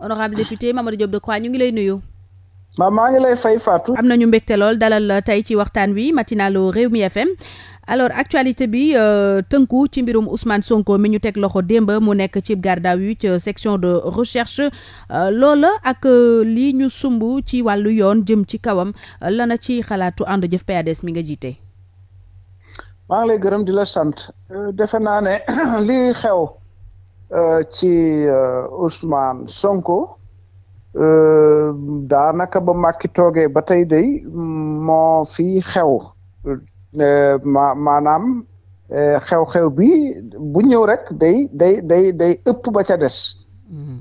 honorable député Mamadou Diop Decroix ñu ngi lay nuyu. ma maa ngi lay fay Fatou. am nañu mbégte lool dalal tey ci waxtaan wi matinalu Rewmi FM alors actualité bi euh, tënku ci mbirum Ousmane Sonko mi ñu teg loxo démb mu nekk ci garde à ci euh, section de recherche euh, loola ak euh, lii ñu sumb ci wàllu yoon jëm ci kawam lana ci xalaatu ànd jëf PADS mi nga jiite. maa ngi lay gërëm di la sant. defe naa ne lii xew. Euh, ci euh, Ousmane Sonko euh, daanaka ba Macky toogee ba tey day moo fi xew ma maanaam xew-xew bi bu ñëw rek day day day day ëpp ba ca des.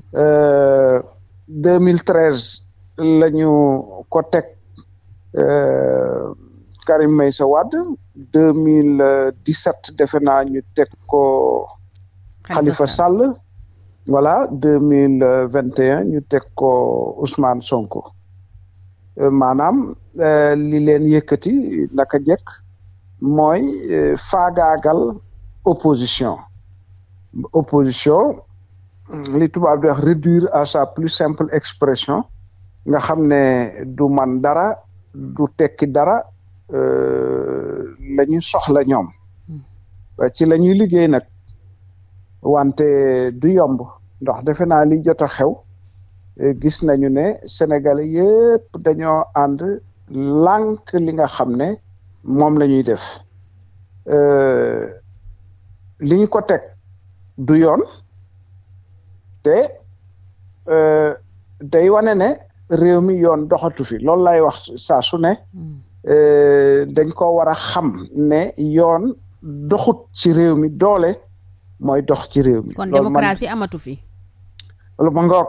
2013 mhm. la ñu ko teg Karim Meïssa Wade 2017 defe naa ñu teg ko. Khalifa Sall voilà deux mille vingt et ñu teg ko Ousmane Sonko euh, maanaam euh, li leen yëkkati naka jekk mooy euh, faagaagal opposition opposition li tubaab di réduire sa plus simple expression nga xam ne du man dara du tekki dara la ñu soxla ñoom hmm. ci la ñuy liggéey nag wante du yomb ndax defe naa li jot a xew eh, gis nañu ne sénégalais yëpp dañoo ànd lànk li nga xam ne moom la ñuy def eh, li ñu ko teg du yoon te eh, day wane ne réew mi yoon doxatu fi loolu lay wax saa su ne hmm. dañ ko war a xam ne yoon doxut si réew mi doole mooy dox ci réew mi. kon démocratie amatu fi. lu ma ngoog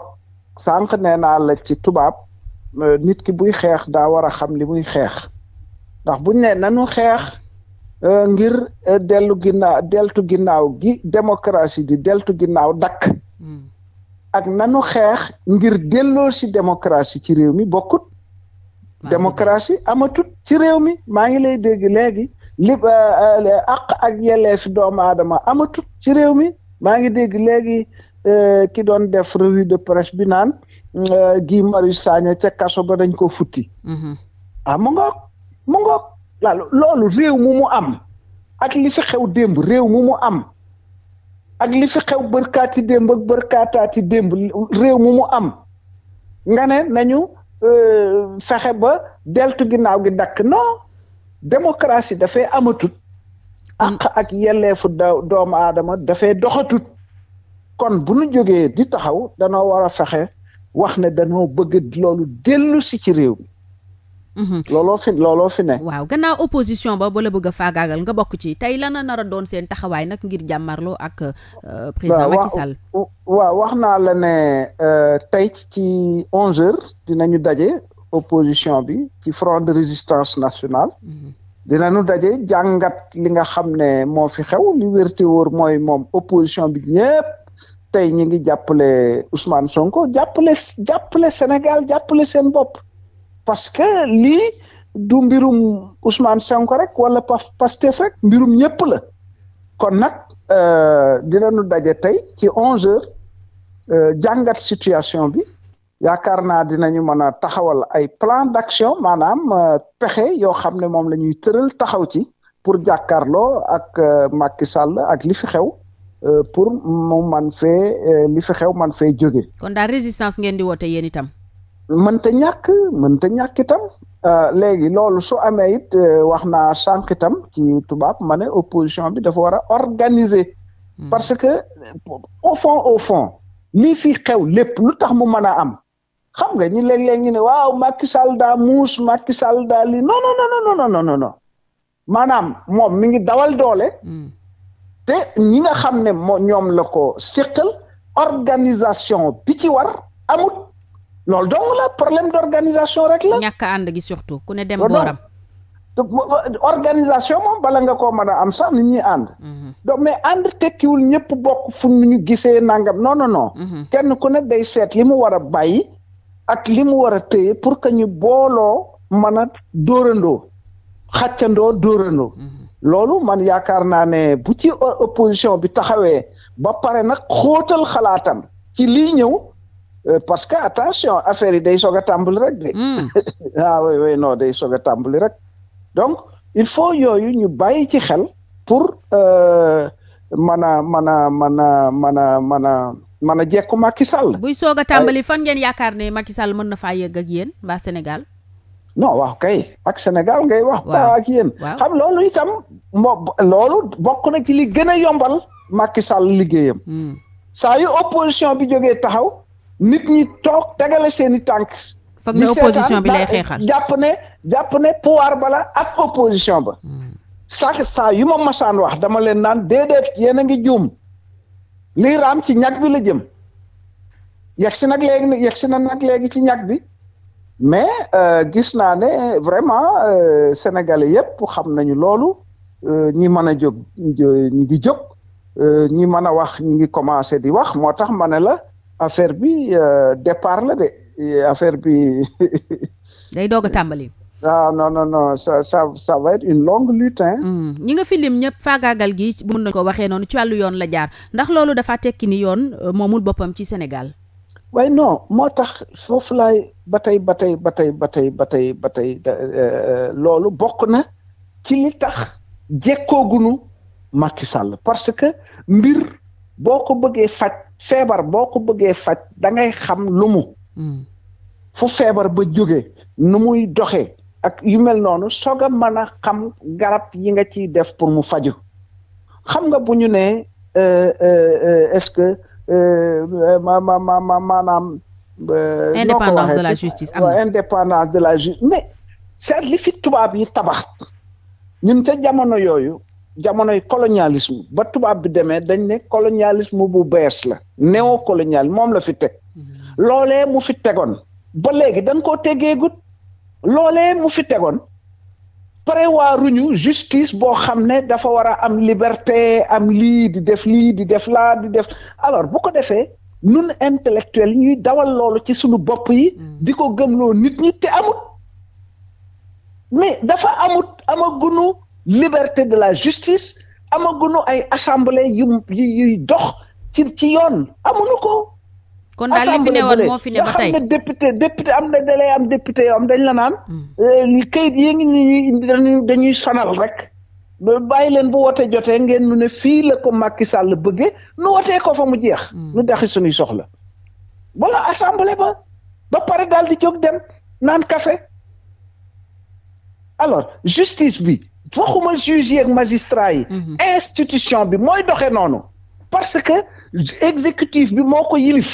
sànq nee naa la ci tubaab euh, nit ki buy xeex daa war a xam li muy xeex ndax buñ ne nanu xeex euh, ngir euh, dellu ginnaaw deltu ginnaaw gi démocratie di deltu ginnaaw dakk hmm. ak nanu xeex ngir delloo si démocratie ci réew mi bokkut démocratie amatut ci réew mi maa ngi lay dégg léegi li eh, àq ak yelleef doomu aadama amatut ci réew mi maa ngi dégg léegi eh, ki doon def revue de presse bi naan eh, Guy Marius Sagna ca kaso ba dañ ko futti mhm. ah mu ngoog loolu réew mu mu am ak li fi xew démb réew mu mu am ak li fi xew bërkaati démb ak bërkaataati démb réew mu mu am nga ne nañu fexe ba deltu ginnaaw gi dakk non démocratie dafay amatut àq ak yelleefu doomu aadama dafay doxatut kon bu nu jógee di taxaw danoo war a fexe wax ne danoo bëgg loolu dellu si ci réew mi mhm. looloo fi looloo fi ne waaw gannaaw opposition ba bala la a faagaagal nga bokk ci tey lana nar a doon seen taxawaay nag ngir jàmmarloo ak euh, président Macky Sall waaw wax naa la ne euh, tey ci onze heures dinañu daje opposition bi ci front de résistance nationale mhm. dinañu daje jàngat li nga xam ne moo fi xew li wérte wóor mooy moom opposition bi ñëpp tey ñi ngi jàppale Ousmane Sonko jàppale jàppale Sénégal jàppale seen bopp parce que li du mbirum Ousmane Sonko rek wala Pastef rek mbirum ñëpp la kon nag euh, dinañu daje tey ci onze heures euh, jàngat situation bi yaakaar naa dinañu mën a taxawal ay plan d'action maanaam euh, pexe yoo xam ne moom la ñuy tëral taxaw ci pour jàkkaarloo ak euh, Macky Sall ak li fi xew euh, pour mu man fee li fi xew man fee jóge kon daal résistance ngeen di woote yéen itam. mënta ñàkk mënta ñàkk itam léegi loolu su amee it wax naa sànq itam ci tubaab ma ne opposition bi dafa war a organiser. Hmm. parce que au fond au fond lii fi xew lépp lu tax mu mën a am. xam nga ñu léeg-léeg ñu ne waaw Macky salda daa muus Macky Sall daa lii no non non non non non moom mi ngi dawal doole. Hmm. te ñi nga xam ne moo ñoom la ko séqal organisation bi ci war amut loolu dong la problème d'organisation rek la. ñàkk ànd gi surtout ku ne dem booram. organisation moom bala nga koo mën a am sax nit ñuy ànd. Hmm. mais ànd tekkiwul ñépp bokk fu ñu gisee nangam non non non. Hmm. kenn ku ne day seet li mu war a bàyyi. ak li mu war a téye pour que ñu booloo mën a dóorandoo xàccandoo dóorandoo mm-hmm. loolu man yaakaar naa ne bu ci opposition bi taxawee ba pare nag xóotal xalaatam ci lii ñëw euh, parce que attention affaire yi day soog a tàmbali rek de mm. ah, day soog tàmbali rek donc il faut yooyu ñu bàyyi ci xel pour euh, mën a mën a mën a mën a mën a mën a jekku Macky Sall. buy soog a tàmbali fan ngeen yaakaar ne Macky Sall mën na faa yegg ak yéen mbaa Sénégal. non waaw kay ak Sénégal ngay wax. waaw ak yéen. xam loolu itam moo loolu bokk na ci li gën a yombal Macky Sall liggéeyam. Hmm. saa yu opposition bi jógee taxaw nit ñi toog tegale seen tànk. foog ne opposition bi lay xeexal jàpp ne jàpp ne pouvoir bala ak opposition ba. Hmm. sax saa yu ma masaan wax dama leen naan déedéet yéen a ngi juum. lii raam ci ñag la jëm yegg si nag léegi yegg si na nag léegi ci ñag bi mais euh, gis naa ne vraiment euh, sénégalais yëpp xam nañu loolu euh, ñi mën a jóg ñi ngi jóg ñi mën a wax ñi ngi commencé di wax moo tax ma ne la affaire bi départ la de affaire bi. day doog a tàmbali. ah non non non ça ça ça va être mm. ñi nga fi lim ñëpp faagaagal gi mun na ko waxee noonu ci wàllu yoon la jaar ndax loolu dafa tekki ni yoon euh, moomul boppam ci senegal waaye non moo tax foofu laay ba tey ba tey ba tey ba tey ba tey ba tey euh, loolu bokk na ci li tax jekkoogunu Macky sàll parce que mbir boo ko bëggee faj feebar boo ko bëggee faj da ngay xam lu mu. Mm. fu feebar ba jóge nu muy doxee. ak yu mel noonu soog a mën xam garab yi nga ciy def pour mu faju xam nga bu ñu nee euh, euh, est-ce que euh, ma ma ma ma maanaam. indépendance de la justice am indépendance de la li fi tubaab yi tabax ñun ca jamono yooyu jamonoy colonialisme ba tubaab bi demee dañ ne colonialisme bu bees la néocolonial moom la fi teg mm-hmm. loolee mu fi tegoon ba léegi dañ koo teggeegut loolee mu fi tegoon prévoiruñu justice boo xam ne dafa war a am liberté am lii di def lii di def laa di def alors bu ko defee nun intellectuels yi ñuy dawal loolu ci suñu bopp yi mm. di ko gëmloo nit ñi te amut mais dafa amut amagunu liberté de la justice amagunu ay assemblée yu yuy dox ci ci yoon amuñu ko kon daal li fi newoon moo fi ne ba tey am na dalay am député yoo am dañ la naan. li hmm. eh, kayit yi ngi ñuy dañuy sonal rek. bàyyi leen bu wootee jotee ngeen nu ne fii la ko Macky Sall bëggee nu wootee ko fa mu jeex. Hmm. nu daxi suñuy soxla. wala assemblée ba ba pare daal di jóg dem naan café alors justice bi waxuma juge yi ak magistrat yi. Hmm. institution bi mooy doxee noonu. parce que exécutif bi moo ko yilif.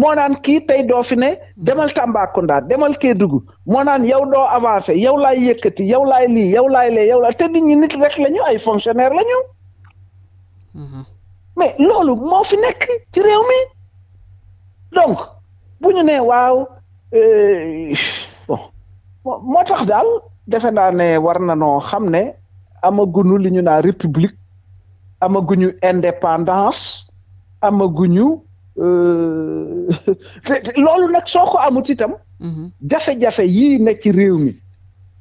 moo naan kii tey doo fi ne demal Tambacounda demal Kédougou moo naan yow doo avancé yow laay yëkkati yow laay lii yow laay lee yow laay te nit ñi nit rek la ay fonctionnaire la ñu mhm. mais loolu moo fi nekk ci réew mi donc bu ñu nee waaw euh, moo tax daal defe naa ne war na noo xam ne amaguñu li ñu naa république amaguñu indépendance amaguñu Euh, loolu nag soo ko amut itam. Mm-hmm. jafe-jafe yii ne ci réew mi.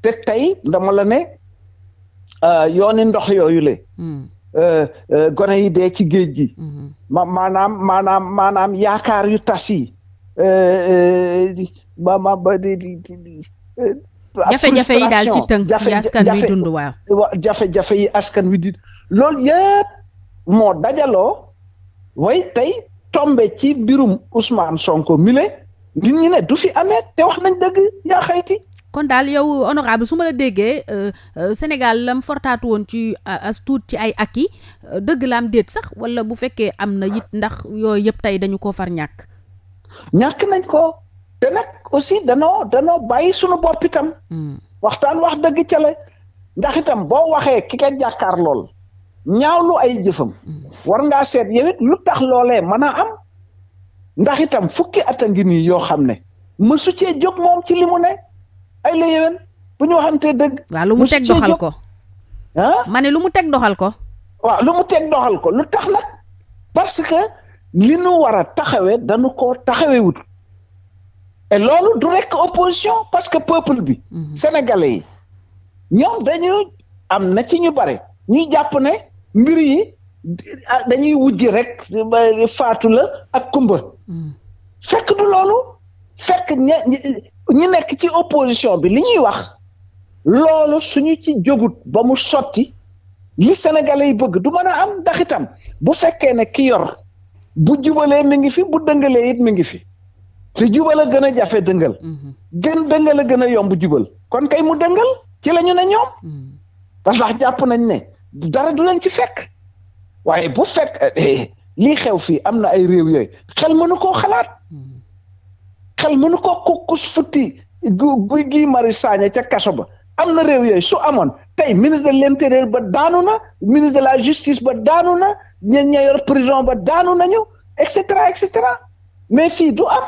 te tey dama la ne euh, yooni ndox yooyu le mm. euh, gone yi dee ci géej gi. Mm-hmm. ma maanaam maanaam maanaam yaakaar yu tas yi. ma ma ba di di di. jafe-jafe yi daal ci tënk. jafe-jafe yi askan wi di loolu yëpp moo dajaloo way tey tombe ci mbirum Ousmane Sonko mile nit ñi ne du fi amee te wax nañ dëgg yaa kon daal yow honorable su ma la déggee euh, euh, Sénégal lam fortaatu woon ci as tuut ci ay acquis euh, dëgg lam déet sax wala bu fekkee am na it ndax yooyu yëpp tey dañu ko far ñàkk ñàkk nañ ko te nag aussi danoo danoo bàyyi suñu bopp itam hmm. waxtaan wax dëgg ca la boo waxee ki ka jàkkaar lool ñaawlu ay jëfam hmm. war ngaa seet yow lu tax loolee mën a am ndax itam fukki at a ngi yoo xam ne mësu cee jóg moom ci li mu ne ay la yéwén bu ñu waxantee dëgg. waaw lu mu teg doxal ko ah. ma ne lu mu teg doxal ko. waaw lu mu teg doxal ko lu tax nag parce que li nu war a taxawee dañu koo taxawewut te loolu du rekk opposition parce que peuple bi. Mm yi ñoom dañu am na ci ñu bare ñuy jàpp ne mbir yi. Ah, dañuy wujji rek faatu la ak kumba hmm. fekk du loolu fekk ñi nekk ci opposition bi li ñuy wax loolu suñu ci jógut ba mu sotti li Sénégalais yi bëgg du mën a am ndax itam bu fekkee ne ki yor bu jubalee mi ngi fi bu dëngalee it mi ngi fi te jubal a gën a jafe dëngal hmm. gën dëngal a gën a yomb jubal kon kay mu dëngal ci la ñu ne ñoom parce hmm. jàpp nañ ne dara du leen ci fekk waaye bu fekk eh, lii xew fii am na ay réew yooyu xel mënu koo xalaat xel mënu koo kukkus futti guy gii mari saaña ca kaso ba am na réew yooyu su amoon tey ministre de l'intérieur ba daanu na ministre de la justice ba daanu na ñen ña yor prison ba daanu nañu et cetera et cetera mais fii du am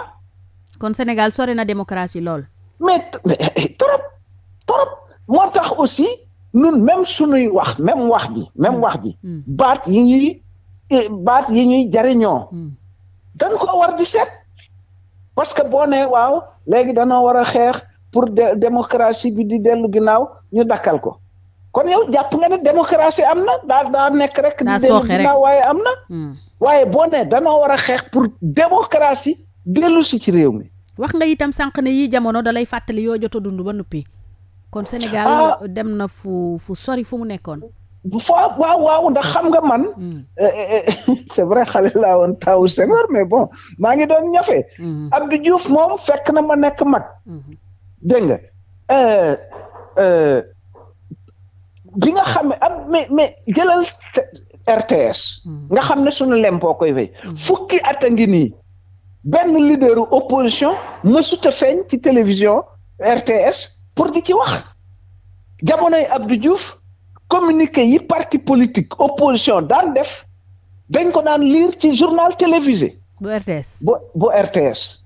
kon Sénégal sori na démocratie lool mais eh, eh, trop trop moo tax aussi nun même suñuy wax même wax ji même wax ji hmm. Hmm. baat yi ñuy baat yi ñuy jariñoo hmm. dañ ko war di set parce que boo nee waaw léegi danoo war a xeex pour démocratie bi di dellu ginnaaw ñu dakkal ko kon yow jàpp nga ne démocratie am na daa daa nekk rek di dellu ginnaaw waaye am na waaye boo nee danoo war a xeex pour démocratie dellu si ci réew mi wax nga itam sànq ne yii jamono dalay fàttali yoo jot a dund ba nuppi kon Sénégal ah. dem na fu fu sori fu mu nekkoon. fa waaw waaw ndax xam nga man. Mm. Eh, eh, eh c'est vrai xale woon taw Senghor mais bon maa ngi doon ñafe. Mm -hmm. Abdou moom fekk na ma nekk mag. Mm -hmm. nga eh, bi nga xam ne am mais mais jëlal RTS. Mm-hmm. nga xam ne sunu lempoo koy fay. Mm-hmm. fukki at a ngi nii benn leaderu opposition mësut feeñ ci télévision RTS. pour di ci wax jamonoy Abdou Diouf communiqué yi parti politique opposition daan def dañ ko daan liir ci journal télévisé. bu RTS bo bu RTS.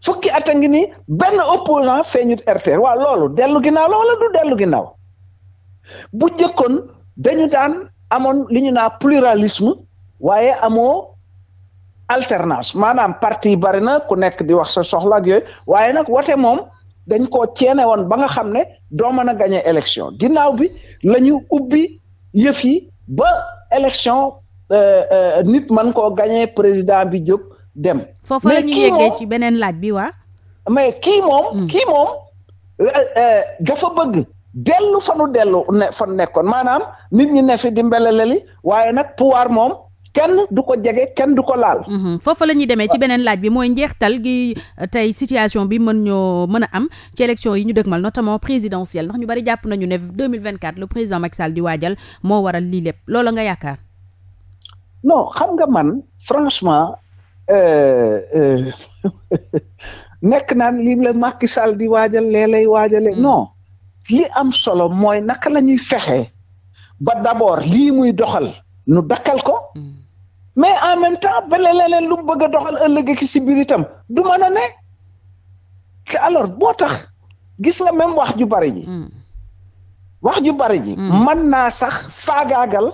fukki at a ngi benn opposant feeñu RTS waaw loolu dellu ginnaaw la wala du dellu ginnaaw bu njëkkoon dañu daan amoon li ñu naa pluralisme waaye amoo. alternance maanaam parti yi bari na ku nekk di wax sa soxla ak yooyu waaye nag wate moom dañ koo ceene woon ba nga xam ne doo mën a gagné élection ginnaaw bi lañu ubbi yëf yi ba élection euh, euh, nit mën koo gagné président bi jóg dem. foofu la ñu yeggee ci beneen laaj bi waa. mais ki moom. kii moom gafa hmm. euh, bëgg. dellu fa nu dellu ne nekkoon maanaam nit ñu ne fi di mbeleleli waaye nag pouvoir moom kenn du ko jege kenn du ko laal. Mhm. foofa la ñuy demee ci beneen laaj bi mooy njeextal gi euh, tey situation bi mën ñoo mën a am ci élection yi ñu dëgmal notamment présidentielle ndax ñu bari jàpp nañu ne 2024 le président Macky Sall di waajal moo waral lii lépp loola nga yaakaar. non xam nga man franchement euh, euh, nekk naan lii la Macky Sall di waajal lee lay waajale mhm. non li am solo mooy naka la ñuy fexe ba d'abord lii muy doxal nu dakkal ko. Mhm. mais en même temps ba leneen lu mu bëgg a doxal ëllëg ki si biir itam du mën a ne alors boo tax gis la même wax ju bari ji. Hmm. wax ju bari ji. Hmm. mën naa sax faagaagal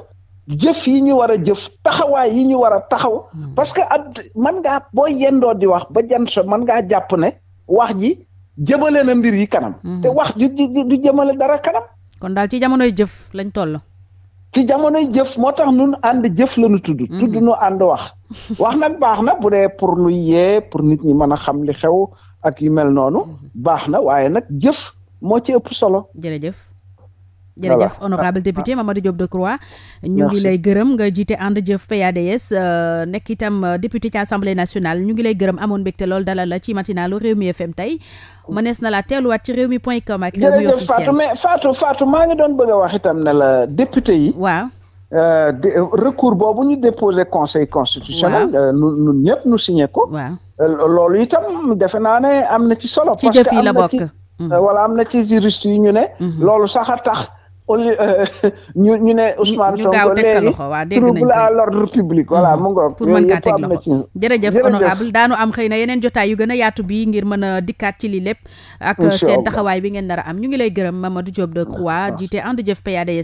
jëf yi ñu war a jëf taxawaay yi ñu war a taxaw. Hmm. parce que ab mën ngaa boo yendoo di wax ba jan so man ngaa jàpp ne wax ji jëmale na mbir yi kanam. te wax ju du jëmale dara kanam. kon daal ci jamonoy jëf lañ toll. ci jamonoy jëf moo tax nun ànd jëf la nu tudd. Mhm. tudd nu ànd wax. wax nag baax na bu dee pour lu yee pour nit ñi mën a xam li xew ak yu mel noonu. Mhm. baax na waaye nag jëf moo ci ëpp solo. jërëjëf. jërëjëf honorable député Mamadou Diop Decroix ñu ngi lay gërëm nga jiite ànd jëf PADS euh, nekk itam euh, député ci assemblée nationale ñu ngi lay gërëm amoon mbégte lool dalal la ci matinalu Rewmi FM tey mënees na la teeluwaat ci Rewmi point com ak Rewmi officiel jërëjëf Fatou mais Fatou Fatou maa ngi doon bëgg a wax itam ne la député yi waaw euh, recours boobu ñu déposé conseil constitutionnel nun ñëpp nu signé ko loolu itam defe naa ne am na ci solo parce que am na ci mhm. voilà am na ci juriste yi ñu mhm. loolu sax a Euh, ñu ñu ne Ousmane Sonko léegi waa à l'ordre public voilà mm-hmm. mu ngoog pour mën teg loxo jërëjëf honorable daanu am xëy na yeneen jotaay yu gën a yaatu bi ngir mën a dikkaat ci lii lépp ak seen taxawaay bi ngeen nar am ñu ngi lay gërëm ma Mamadou Diop Decroix jiite And Jëf PADS